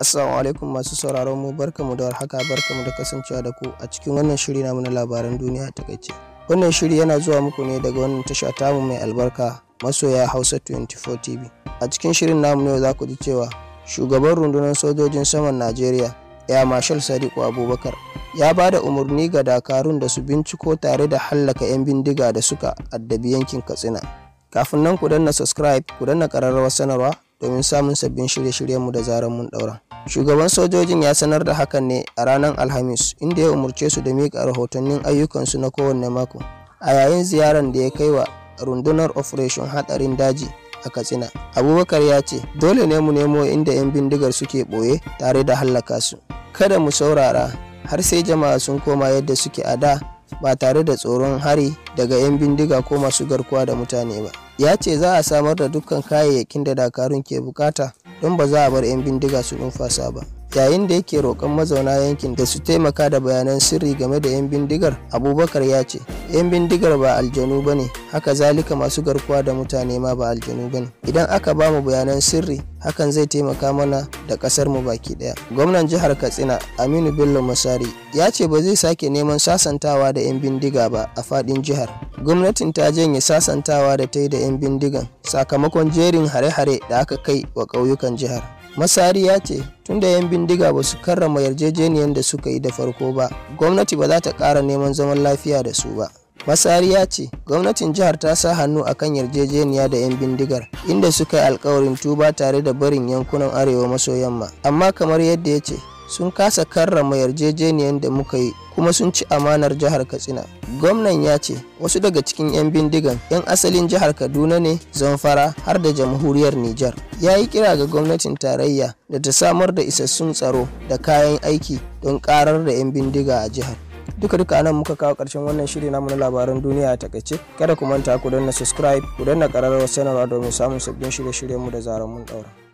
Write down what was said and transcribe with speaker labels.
Speaker 1: Assalamu alaikum masu sauraron mu barkamu da warhaka barkamu da kasancewa da ku a cikin wannan shiri namu na labaran duniya ta takaice. Wannan shiri yana zuwa muku ne daga wannan tasha tamu mai albarka masoya Hausa 24 TV. A cikin shirin namu ne za ku ji cewa shugaban rundunar sojojin saman Najeriya ya Marshal Sadiku Abubakar ya ba da umarni ga dakarun da su binciko tare da hallaka 'yan bindiga da suka addabi yankin Katsina. Kafin nan ku danna subscribe ku danna ƙararrawar sanarwa domin samun sabbin shirye-shiryenmu da zarar mun daura. Shugaban sojojin ya sanar da hakan ne a ranar Alhamis, inda ya umarce su da miƙa rahotannin ayyukansu na kowanne mako. A yayin ziyarar da ya kai wa rundunar Operation Hatsarin Daji a Katsina, Abubakar ya ce, dole ne mu nemo inda 'yan bindigar suke ɓoye tare da hallaka su. Kada mu saurara har sai jama'a sun koma yadda suke a da ba tare da tsoron hari daga 'yan bindiga ko masu garkuwa da mutane ba ya ce za a samar da dukkan kayayyakin da dakarun ke bukata don ba za a bar 'yan bindiga su numfasa ba yayin da yake roƙon mazauna yankin da su taimaka da bayanan sirri game da 'yan bindigar abubakar ya ce 'yan bindigar ba aljanu ba ne haka zalika masu garkuwa da mutane ma ba aljanu ba ne idan aka ba mu bayanan sirri hakan zai taimaka mana da ƙasar mu baki ɗaya gwamnan jihar katsina aminu bello masari ya ce ba zai sake neman sasantawa da 'yan bindiga ba a faɗin jihar gwamnatin ta janye sasantawa da ta yi da 'yan bindigan sakamakon jerin hare-hare da aka kai wa ƙauyukan jihar masariya ce tun da yan bindiga ba su karrama yarjejeniyar da suka yi da farko ba gwamnati ba za ta ƙara neman zaman lafiya da su ba masariya ce gwamnatin jihar ta sa hannu a kan yarjejeniya da 'yan bindigar inda suka yi alkawarin tuba tare da barin yankunan arewa maso yamma amma kamar yadda ya ce sun kasa karrama yarjejeniyar da muka yi kuma sun ci amanar jihar katsina gwamnan ya ce wasu daga cikin 'yan bindigan 'yan asalin jihar kaduna ne zamfara har da jamhuriyar nijar ya yi kira ga gwamnatin tarayya da ta samar da isassun tsaro da kayan aiki don karar da 'yan bindiga a jihar duka duka nan muka kawo karshen wannan shiri namu na labaran duniya a takaice kada ku manta ku danna subscribe ku danna kararrawar sanarwa domin samun sabbin shirye-shiryenmu da zarar mun daura